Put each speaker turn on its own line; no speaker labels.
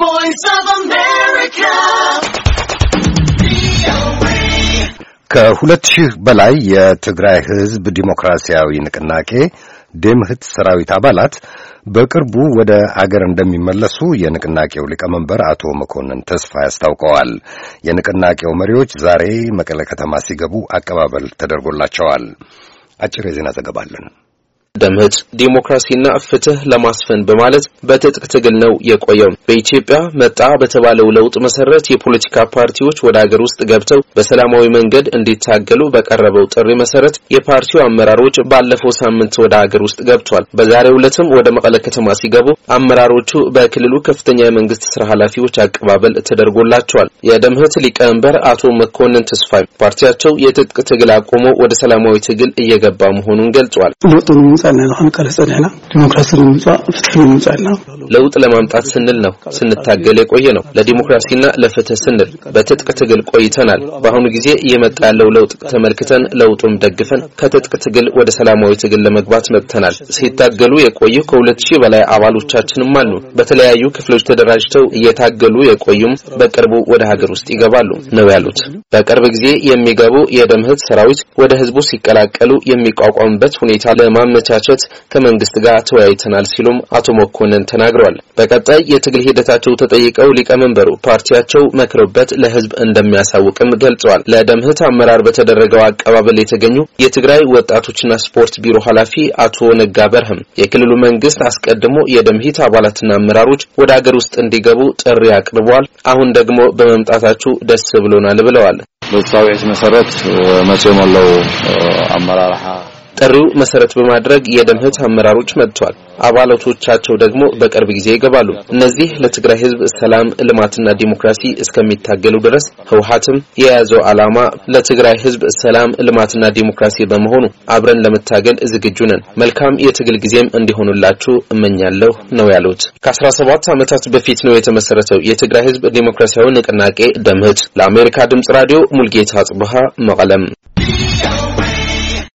voice of America.
ከሁለት ሺህ በላይ የትግራይ ህዝብ ዲሞክራሲያዊ ንቅናቄ ደምህት ሰራዊት አባላት በቅርቡ ወደ አገር እንደሚመለሱ የንቅናቄው ሊቀመንበር አቶ መኮንን ተስፋ ያስታውቀዋል። የንቅናቄው መሪዎች ዛሬ መቀለ ከተማ ሲገቡ አቀባበል ተደርጎላቸዋል። አጭር የዜና ዘገባ አለን። ደምህት ዲሞክራሲና ፍትህ ለማስፈን በማለት በትጥቅ ትግል ነው የቆየው።
በኢትዮጵያ መጣ በተባለው ለውጥ መሰረት የፖለቲካ ፓርቲዎች ወደ አገር ውስጥ ገብተው በሰላማዊ መንገድ እንዲታገሉ በቀረበው ጥሪ መሰረት የፓርቲው አመራሮች ባለፈው ሳምንት ወደ አገር ውስጥ ገብቷል። በዛሬው ዕለትም ወደ መቀለ ከተማ ሲገቡ አመራሮቹ በክልሉ ከፍተኛ የመንግስት ስራ ኃላፊዎች አቀባበል ተደርጎላቸዋል። የደምህት ሊቀመንበር አቶ መኮንን ተስፋይ ፓርቲያቸው የትጥቅ ትግል አቆሞ ወደ ሰላማዊ ትግል እየገባ መሆኑን ገልጿል። ንምምፃእ ኢና ክንቃለ ፀኒሕና ዲሞክራሲ ንምምፃእ ፍትሒ ንምምፃእ ኢልና ለውጥ ለማምጣት ስንል ነው ስንታገል የቆየ ነው። ለዲሞክራሲና ለፍትህ ስንል በትጥቅ ትግል ቆይተናል። በአሁኑ ጊዜ እየመጣ ያለው ለውጥ ተመልክተን ለውጡም ደግፈን ከትጥቅ ትግል ወደ ሰላማዊ ትግል ለመግባት መጥተናል። ሲታገሉ የቆዩ ከሁለት ሺህ በላይ አባሎቻችንም አሉ። በተለያዩ ክፍሎች ተደራጅተው እየታገሉ የቆዩም በቅርቡ ወደ ሀገር ውስጥ ይገባሉ ነው ያሉት። በቅርብ ጊዜ የሚገቡ የደምህት ሰራዊት ወደ ህዝቡ ሲቀላቀሉ የሚቋቋምበት ሁኔታ ለማመቻ ለማመቻቸት ከመንግስት ጋር ተወያይተናል ሲሉም አቶ መኮንን ተናግረዋል። በቀጣይ የትግል ሂደታቸው ተጠይቀው ሊቀመንበሩ ፓርቲያቸው መክረውበት ለህዝብ እንደሚያሳውቅም ገልጸዋል። ለደምህት አመራር በተደረገው አቀባበል የተገኙ የትግራይ ወጣቶችና ስፖርት ቢሮ ኃላፊ አቶ ነጋ በርህም የክልሉ መንግስት አስቀድሞ የደምህት አባላትና አመራሮች ወደ አገር ውስጥ እንዲገቡ ጥሪ አቅርበዋል። አሁን ደግሞ በመምጣታችሁ ደስ ብሎናል ብለዋል። በተሳውዒት መሰረት መጽኦ መለው አመራርሓ ጥሪው መሰረት በማድረግ የደምህት አመራሮች መጥቷል። አባላቶቻቸው ደግሞ በቅርብ ጊዜ ይገባሉ። እነዚህ ለትግራይ ህዝብ ሰላም፣ ልማትና ዲሞክራሲ እስከሚታገሉ ድረስ ህወሀትም የያዘው ዓላማ ለትግራይ ህዝብ ሰላም፣ ልማትና ዲሞክራሲ በመሆኑ አብረን ለመታገል ዝግጁ ነን። መልካም የትግል ጊዜም እንዲሆኑላችሁ እመኛለሁ ነው ያሉት። ከ17 ዓመታት በፊት ነው የተመሰረተው የትግራይ ህዝብ ዲሞክራሲያዊ ንቅናቄ ደምህት። ለአሜሪካ ድምጽ ራዲዮ ሙልጌታ አጽብሃ መቀለም